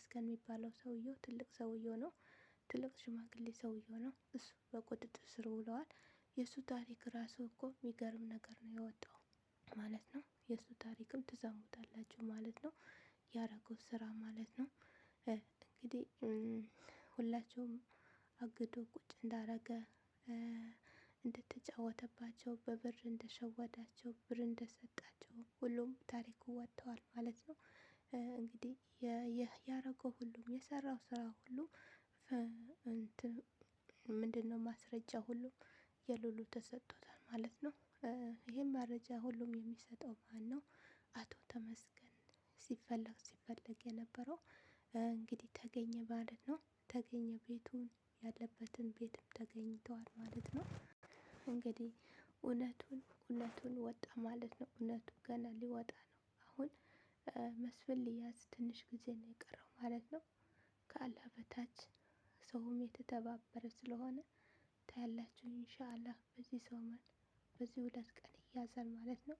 ተመስገን የሚባለው ሰውየው ትልቅ ሰውየው ነው። ትልቅ ሽማግሌ ሰውየው ነው። እሱ በቁጥጥር ስር ውለዋል። የእሱ ታሪክ ራሱ እኮ የሚገርም ነገር ነው የወጣው ማለት ነው። የእሱ ታሪክም ትሰሙታላችሁ ማለት ነው። ያረገው ስራ ማለት ነው። እንግዲህ ሁላቸውም አግዶ ቁጭ እንዳረገ እንደተጫወተባቸው በብር እንደሸወዳቸው ብር እንደሰጣቸው ሁሉም ታሪኩ ወጥተዋል ማለት ነው። እንግዲህ ያረገው ሁሉም የሰራው ስራ ሁሉ ምንድን ነው ማስረጃ ሁሉም የሉሉ ተሰጥቶታል ማለት ነው። ይህም መረጃ ሁሉም የሚሰጠው ማን ነው? አቶ ተመስገን ሲፈለግ ሲፈለግ የነበረው እንግዲህ ተገኘ ማለት ነው። ተገኘ ቤቱን ያለበትን ቤትም ተገኝተዋል ማለት ነው። እንግዲህ እውነቱን እውነቱን ወጣ ማለት ነው። እውነቱ ገና ሊወጣ መስፍን ሊያዝ ትንሽ ጊዜ ነው የቀረው ማለት ነው። ከአላህ በታች ሰውም የተተባበረ ስለሆነ ታያላችሁ። ኢንሻአላህ በዚህ ሰሞን በዚህ ሁለት ቀን ይያዛል ማለት ነው።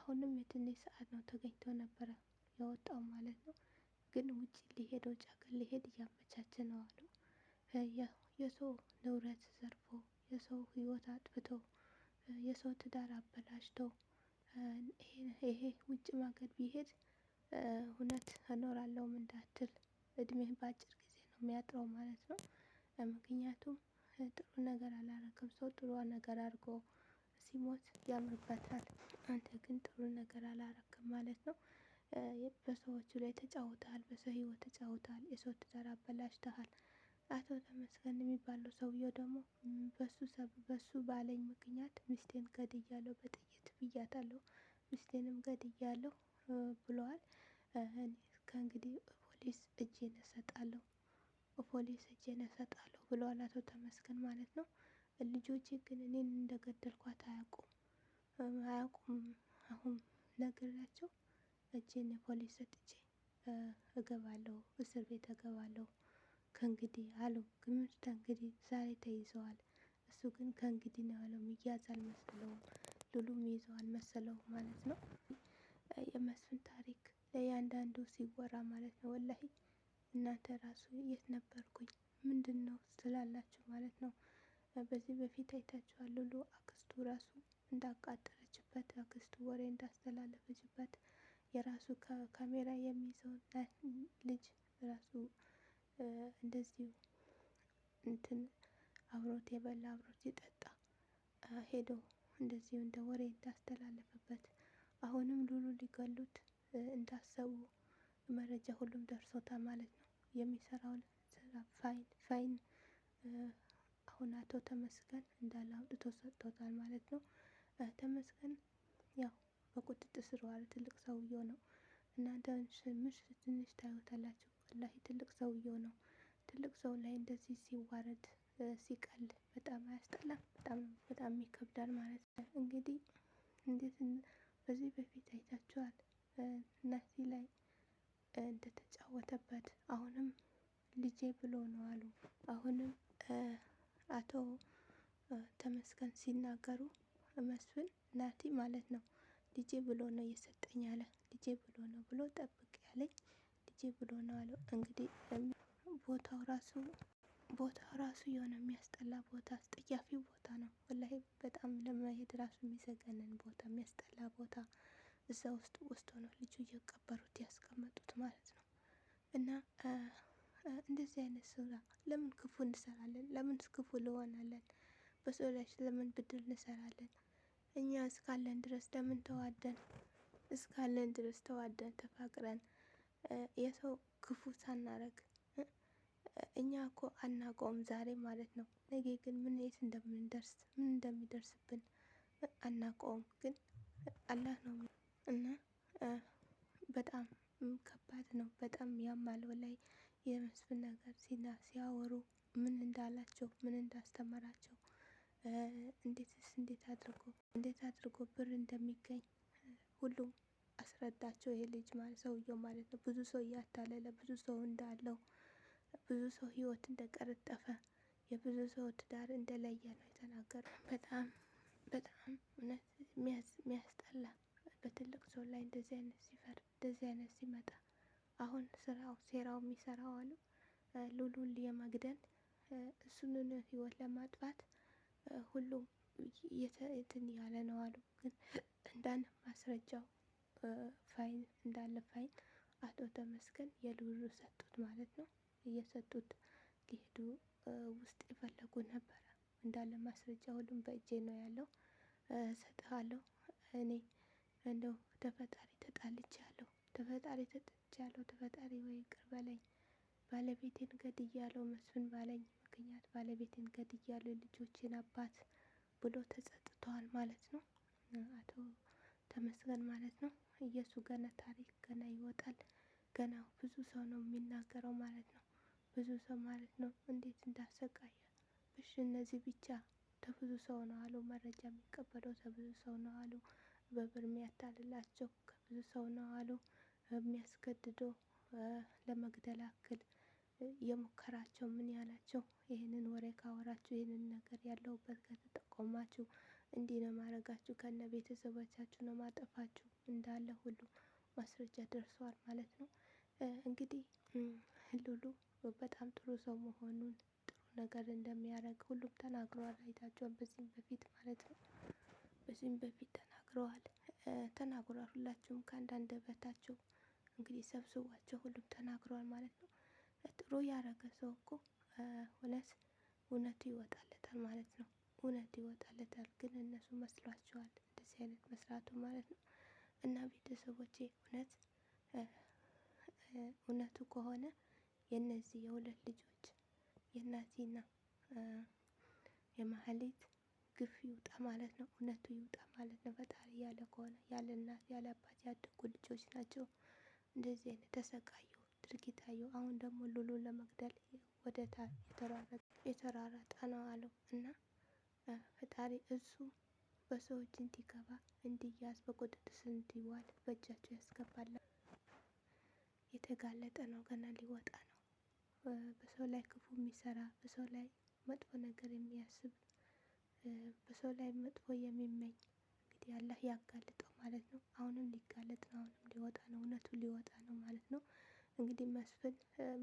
አሁንም የትንሽ ሰዓት ነው ተገኝቶ ነበረ የወጣው ማለት ነው። ግን ውጭ ሊሄድ ውጭ ሀገር ሊሄድ እያመቻቸ ነው አሉ። የሰው ንብረት ዘርፎ የሰው ህይወት አጥፍቶ የሰው ትዳር አበላሽቶ ይሄ ውጭ ሀገር ቢሄድ እውነት እኖራለሁም እንዳትል እድሜ በአጭር ጊዜ ነው የሚያጥረው ማለት ነው። ምክንያቱም ጥሩ ነገር አላረገም ሰው ጥሩ ነገር አድርጎ ሲሞት ያምርበታል። አንተ ግን ጥሩ ነገር አላረክም ማለት ነው። በሰዎቹ ላይ ተጫውተሃል በሰው ህይወት ተጫውተሃል የሰው ትዳር አበላሽተሃል። አቶ ተመስገን የሚባለው ሰውዬው ደግሞ በሱ በሱ ባለኝ ምክንያት ሚስቴን ገድያለሁ በጥይት ብያታለሁ። ሚስቴንም ገድያለሁ ብለዋል። እኔ ከእንግዲህ ፖሊስ እጄን እሰጣለሁ ፖሊስ እጄን እሰጣለሁ ብለዋል አቶ ተመስገን ማለት ነው። ልጆቼ ግን እኔን እንደገደልኳት አያውቁም አያውቁም አሁን ነግሬያቸው እጄን ፖሊስ ሰጥቼ እገባለሁ እስር ቤት እገባለሁ ከእንግዲህ አሉ። ግምት እንግዲህ ዛሬ ተይዘዋል። እሱ ግን ከእንግዲህ ነው ያለው። ሚያዝ አልመሰለውም ሉሉም ይዘው አልመሰለውም ማለት ነው። ለእያንዳንዱ ሲወራ ማለት ነው። ወላሂ እናንተ ራሱ የት ነበርኩኝ ምንድን ነው ስላላችሁ ማለት ነው። በዚህ በፊት አይታችኋል። ሉሉ አክስቱ ራሱ እንዳቃጠለችበት አክስቱ ወሬ እንዳስተላለፈችበት የራሱ ካሜራ የሚይዘውን ልጅ ራሱ እንደዚሁ እንትን አብሮት የበላ አብሮት የጠጣ ሄዶ እንደዚሁ እንደ ወሬ እንዳስተላለፈበት አሁንም ሉሉ ሊገሉት እንዳሰቡ መረጃ ሁሉም ደርሶታል ማለት ነው። የሚሰራውን ስራ ፋይል አሁን አቶ ተመስገን እንዳለ አውጥቶ ሰጥቶታል ማለት ነው። ተመስገን ያው በቁጥጥር ስር ዋለ። ትልቅ ሰውዬው ነው። እናንተ ትንሽ ትንሽ ታዩታላችሁ። ወላሂ ትልቅ ሰውዬ ነው። ትልቅ ሰው ላይ እንደዚህ ሲዋረድ ሲቀል በጣም አያስጠላም? በጣም በጣም ይከብዳል ማለት ነው። እንግዲህ እንዴት በዚህ በፊት አይታችኋል። እነዚህ ላይ እንደተጫወተበት አሁንም ልጄ ብሎ ነው አሉ። አሁንም አቶ ተመስገን ሲናገሩ መስፍን ናቲ ማለት ነው ልጄ ብሎ ነው እየሰጠኝ ያለ ልጄ ብሎ ነው ብሎ ጠብቅ ያለኝ ልጄ ብሎ ነው አለው። እንግዲህ ቦታው ራሱ ቦታው ራሱ የሆነ የሚያስጠላ ቦታ አስጠያፊ ቦታ ነው። ወላሂ በጣም ለመሄድ ራሱ የሚዘገንን ቦታ የሚያስጠላ ቦታ እዛ ውስጥ ወስዶ ነው ልጁ እየቀበሩት ያስቀመጡት ማለት ነው። እና እንደዚህ አይነት ስራ ለምን ክፉ እንሰራለን? ለምንስ ክፉ ልሆናለን? በሰው ላይ ለምን ብድር እንሰራለን? እኛ እስካለን ድረስ ለምን ተዋደን እስካለን ድረስ ተዋደን ተፋቅረን የሰው ክፉ ሳናረግ እኛ እኮ አናውቀውም ዛሬ ማለት ነው። ነገ ግን ምን የት እንደምንደርስ ምን እንደሚደርስብን አናውቀውም። ግን አላህ ነው እና በጣም ከባድ ነው። በጣም ያማል። ወላሂ የመስፍን ነገር ሲያወሩ ምን እንዳላቸው ምን እንዳስተማራቸው እንዴትስ እንዴት አድርጎ እንዴት አድርጎ ብር እንደሚገኝ ሁሉም አስረዳቸው። ይሄ ልጅ ማለት ሰውየው ማለት ነው። ብዙ ሰው እያታለለ ብዙ ሰው እንዳለው ብዙ ሰው ህይወት እንደቀረጠፈ የብዙ ሰው ትዳር እንደለየ ነው የተናገረው። በጣም በጣም እውነት የሚያስጠላ በትልቅ ሰው ላይ እንደዚህ አይነት ሲፈርድ እንደዚህ አይነት ሲመጣ አሁን ስራው ሴራው የሚሰራው አሉ ሉሉን የመግደል እሱንን ህይወት ለማጥፋት ሁሉም እንትን ያለ ነው አሉ። ግን እንዳንድ ማስረጃው ፋይል እንዳለ ፋይል አቶ ተመስገን የሉሉ ሰጡት ማለት ነው። እየሰጡት ሊሄዱ ውስጥ የፈለጉ ነበረ። እንዳለ ማስረጃ ሁሉም በእጄ ነው ያለው። እሰጥሃለሁ እኔ እንደው ተፈጣሪ ተጣልቻለሁ፣ ተፈጣሪ ተጠልቻለሁ፣ ተፈጣሪ ወይ ይቅር በለኝ፣ ባለቤቴን ገድያለሁ፣ መስፍን ባለኝ ምክንያት ባለቤቴን ገድያለሁ፣ ልጆችን አባት ብሎ ተጸጽተዋል ማለት ነው። አቶ ተመስገን ማለት ነው። እየሱ ገና ታሪክ ገና ይወጣል። ገና ብዙ ሰው ነው የሚናገረው ማለት ነው። ብዙ ሰው ማለት ነው እንዴት እንዳሰቃየ። እሺ እነዚህ ብቻ ተብዙ ሰው ነው አሉ መረጃ የሚቀበለው ተብዙ ሰው ነው አሉ በብር የሚያታልላቸው ከብዙ ሰው ነው አሉ። የሚያስገድደው ለመግደል አክል የሙከራቸው ምን ያላቸው ይህንን ወሬ ካወራችሁ ይህንን ነገር ያለሁበት ከተጠቆማችሁ እንዲህ ነው ማረጋችሁ ከነ ቤተሰቦቻችሁ ነው ማጠፋችሁ እንዳለ ሁሉ ማስረጃ ደርሰዋል ማለት ነው። እንግዲህ ሉሉ በጣም ጥሩ ሰው መሆኑን ጥሩ ነገር እንደሚያደርግ ሁሉም ተናግረዋል። አይታችኋል፣ በዚህም በፊት ማለት ነው። በዚህም በፊት ተናግረዋል ተናግሯል። ሁላችሁም ከአንዳንድ አንደበታቸው እንግዲህ ሰብስቧቸው ሁሉም ተናግረዋል ማለት ነው። ጥሩ ያረገ ሰው እኮ እውነት እውነቱ ይወጣለታል ማለት ነው። እውነቱ ይወጣለታል፣ ግን እነሱ መስሏቸዋል እንደዚህ አይነት መስራቱ ማለት ነው። እና ቤተሰቦቼ እውነት እውነቱ ከሆነ የእነዚህ የሁለት ልጆች የእናቲና የማህሌት ግፍ ይውጣ ማለት ነው። እውነቱ ይውጣ ማለት ነው። ፈጣሪ ያለ ከሆነ ያለ እናት ያለ አባት ያደጉ ልጆች ናቸው እንደዚህ አይነት ተሰቃዩ ድርጊት አየሁ። አሁን ደግሞ ሉሉን ለመግደል ወደ የተራራጠ ነው አለው እና ፈጣሪ እሱ በሰዎች እንዲገባ እንዲያዝ በቁጥጥር ስር እንዲዋል በእጃቸው ያስገባል። የተጋለጠ ነው፣ ገና ሊወጣ ነው። በሰው ላይ ክፉ የሚሰራ በሰው ላይ መጥፎ ነገር የሚያስብ በሰው ላይ መጥፎ የሚመኝ እንግዲህ አላህ ያጋልጠው ማለት ነው። አሁንም ሊጋለጥ ነው፣ አሁንም ሊወጣ ነው፣ እውነቱ ሊወጣ ነው ማለት ነው። እንግዲህ መስፍን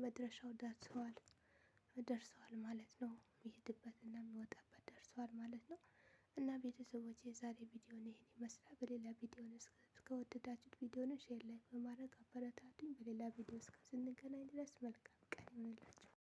መድረሻው ደርሰዋል ደርሰዋል ማለት ነው። የሚሄድበት እና የሚወጣበት ደርሰዋል ማለት ነው። እና ቤተሰቦች የዛሬ ቪዲዮ ይህን ይመስላል። በሌላ ቪዲዮን እስከወደዳችሁት ቪዲዮን ሼር ላይክ በማድረግ አበረታቱኝ። በሌላ ቪዲዮ እስከ ስንገናኝ ድረስ መልካም ቀን ይሆንላችሁ።